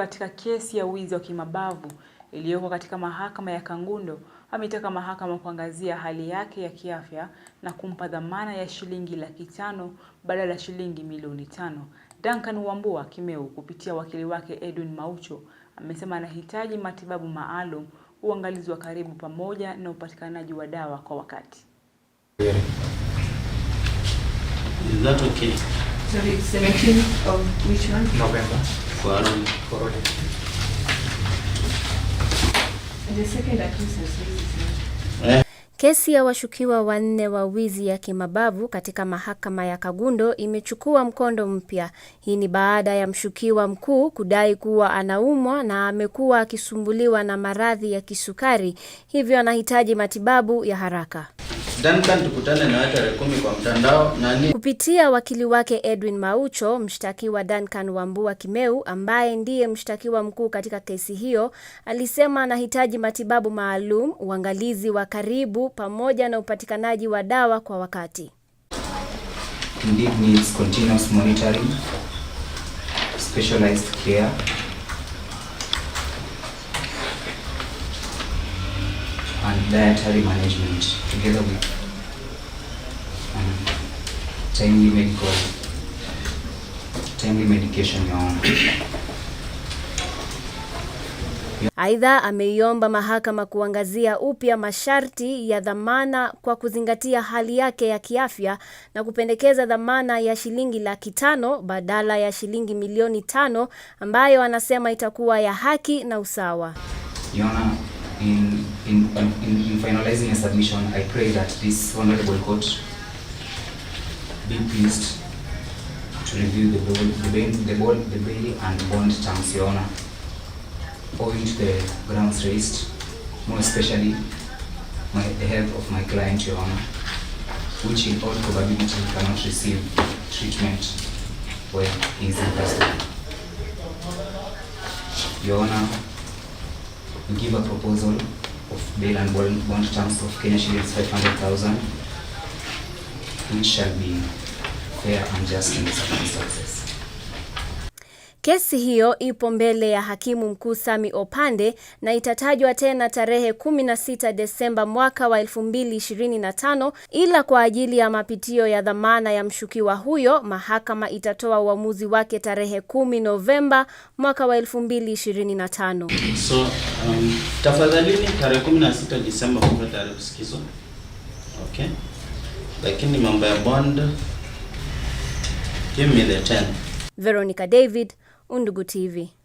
Katika kesi ya wizi wa kimabavu iliyoko katika mahakama ya Kangundo ameitaka mahakama kuangazia hali yake ya kiafya na kumpa dhamana ya shilingi laki tano badala ya shilingi milioni tano. Duncan Wambua Kimeu kupitia wakili wake Edwin Maucho amesema anahitaji matibabu maalum, uangalizi wa karibu pamoja na upatikanaji wa dawa kwa wakati. Is that okay? it's of which month? November. For And the second accused has eh? Kesi ya washukiwa wanne wa wizi ya kimabavu katika mahakama ya Kagundo imechukua mkondo mpya. Hii ni baada ya mshukiwa mkuu kudai kuwa anaumwa na amekuwa akisumbuliwa na maradhi ya kisukari, hivyo anahitaji matibabu ya haraka. Duncan tukutane na wewe tarehe kumi kwa mtandao nani. Kupitia wakili wake Edwin Maucho, mshtakiwa Duncan Wambua Kimeu ambaye ndiye mshtakiwa mkuu katika kesi hiyo alisema anahitaji matibabu maalum, uangalizi wa karibu pamoja na upatikanaji wa dawa kwa wakati. Indeed needs continuous monitoring, specialized care. and dietary management together with um, timely medical timely medication your own. Aidha, ameiomba mahakama kuangazia upya masharti ya dhamana kwa kuzingatia hali yake ya kiafya na kupendekeza dhamana ya shilingi laki tano badala ya shilingi milioni tano ambayo anasema itakuwa ya haki na usawa Yona. in, in, in, in finalizing a submission, I pray that this honorable court be pleased to review the bail, the bail, the bail, the bail and bond terms, Your Honor, owing to the grounds raised, more especially my, the health of my client, Your Honor, which in all probability cannot receive treatment when he is in custody. Your Honor, give a proposal of bail and bond, bond terms of Kenya shillings 500,000 which shall be fair and just in the circumstances. Kesi hiyo ipo mbele ya Hakimu Mkuu Sami Opande na itatajwa tena tarehe 16 Desemba mwaka wa 2025, ila kwa ajili ya mapitio ya dhamana ya mshukiwa huyo mahakama itatoa uamuzi wake tarehe 10 Novemba mwaka wa 2025. So, um, tafadhalini tarehe 16 Desemba kwa tarehe kusikizwa. Okay. Lakini mambo ya bond give me the 10. Veronica David Undugu TV.